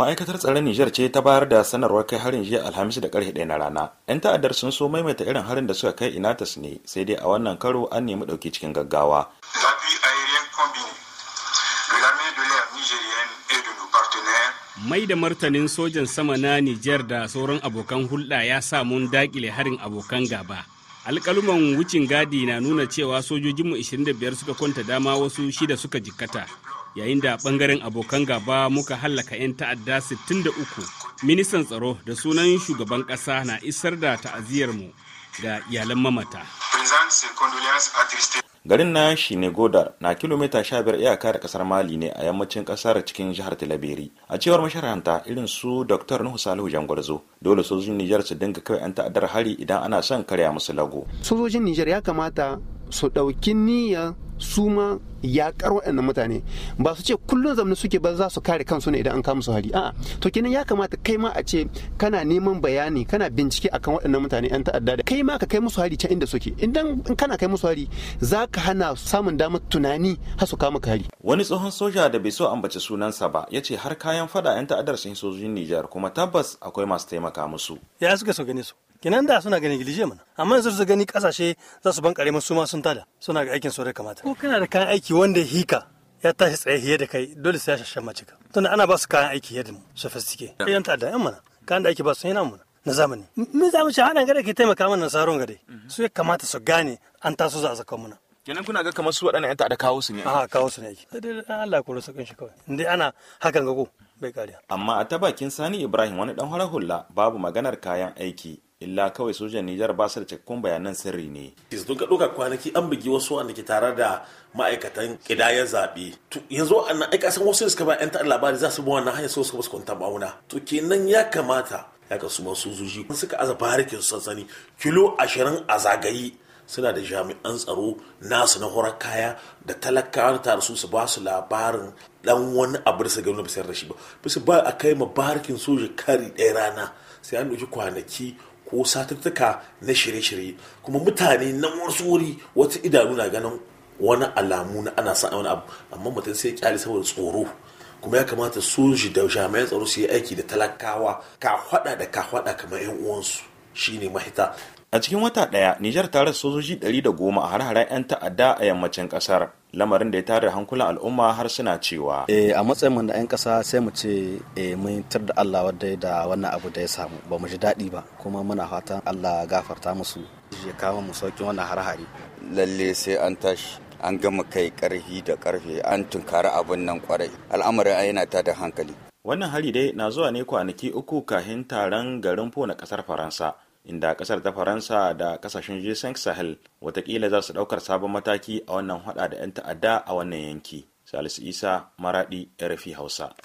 ma'aikatar tsaron nijar ce ta bayar da sanarwar kai harin jiya alhamis da karfe ɗaya na rana yan ta'addar sun so maimaita irin harin da suka kai inatas ne sai dai a wannan karo an nemi ɗauki cikin gaggawa mai da martanin sojan sama na nijar da sauran abokan hulɗa ya sa mun dakile harin abokan gaba alƙaluman wucin gadi na nuna cewa sojojinmu 25 suka kwanta dama wasu shida suka jikkata yayin da bangaren abokan gaba muka hallaka 'yan ta'adda 63 ministan tsaro da sunan shugaban ƙasa na isar da ta'aziyarmu ga iyalan mamata garin na godar na kilomita 15 iyaka da kasar Mali ne a yammacin kasar cikin jihar Talabiri. A cewar masharanta irin su Dr. Nuhu Salihu Jangwarzo, dole sojojin Nijar su dinga kai 'yan ta'addar hari idan ana son karya musu lago. Sojojin Nijar ya kamata su ɗauki niyyar su ma yaƙar waɗannan mutane ba su ce kullum zamani suke ba za su kare kansu ne idan an kama su hali a to kenan ya kamata kai ma a ce kana neman bayani kana bincike akan waɗannan mutane yan ta'adda da kai ma ka kai musu hali can inda suke idan kana kai musu hali za ka hana samun damar tunani har su kama hali wani tsohon soja da bai so ambaci sunansa ba ya ce har kayan fada yan ta'addar sun sojojin Nijar kuma tabbas akwai masu taimaka musu ya suka so ne su kinan da suna ganin gilije mana amma yanzu su gani kasashe za su bankare masu ma sun tada suna ga aikin da kamata ko kana da kayan aiki wanda hika ya tashi tsaye hiye da kai dole sai ya shashan mace ka tunda ana ba su kayan aiki yadda mu sofistike yan da yan mana kayan da ake ba su yana mana na zamani mun za mu ci haɗin gare ke taimaka mana saron gare mhm. su ya kamata su gane an taso za a zaka mana kenan kuna ga kamar su waɗannan yan ta'adda kawo su ne a kawo su ne ake sai dai Allah ko rasa shi kawai indai ana hakan ga ko bai kariya amma a ta bakin Sani Ibrahim wani dan hula babu maganar kayan aiki illa kawai sojan Nijar ba su da cikakkun bayanan sirri ne. Sun ka ɗauka kwanaki an bugi wasu wanda ke tare da ma'aikatan ya zaɓe. Yanzu an aika san wasu da suka ba 'yan ta'ar labari za su bi wannan hanyar su ba su kwanta ma'auna. To kenan ya kamata ya ka su masu zuji suka aza barikin sansani kilo ashirin a zagaye suna da jami'an tsaro nasu na horar kaya da talakawa tare su su ba su labarin dan wani abu da su gani na basu da shi ba bisa ba a kai ma barikin soja kari ɗaya rana sai an ɗauki kwanaki ko satuttuka na shirye-shirye kuma mutane na wasu wuri wata idanu na ganin wani alamu na ana sa wani abu amma mutum sai kyale saboda tsoro kuma ya kamata soji da jami'an tsaro su yi aiki da talakawa ka hada da ka hada kamar yan uwansu shine mahita a cikin wata ɗaya, nijar ta rasa sojoji 110 a har-haren 'yan ta'adda a yammacin kasar lamarin da ya tare hankulan al'umma har suna cewa eh, a matsayin mu na 'yan kasa sai mu ce eh, mun tar da Allah wadda da wannan abu da ya samu ba mu ji daɗi ba kuma muna fatan Allah gafarta musu ya kawo mu sauƙin wannan har-hari lalle sai an tashi an gama kai karhi da karfe an tunkari abin nan kwarai al'amarin yana ta da hankali wannan hari dai na zuwa ne kwanaki uku kahin taron garin po na kasar faransa inda kasar ta faransa da kasashen g sahel watakila za su daukar sabon mataki a wannan hada da 'yan ta'adda a wannan yanki salisu isa maradi rfi hausa